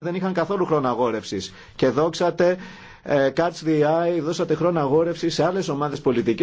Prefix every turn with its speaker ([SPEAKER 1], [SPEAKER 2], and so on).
[SPEAKER 1] δεν είχαν καθόλου χρόνο αγόρευσης και δόξατε ε, Catch the Eye, δώσατε χρόνο αγόρευση σε άλλες ομάδες πολιτικής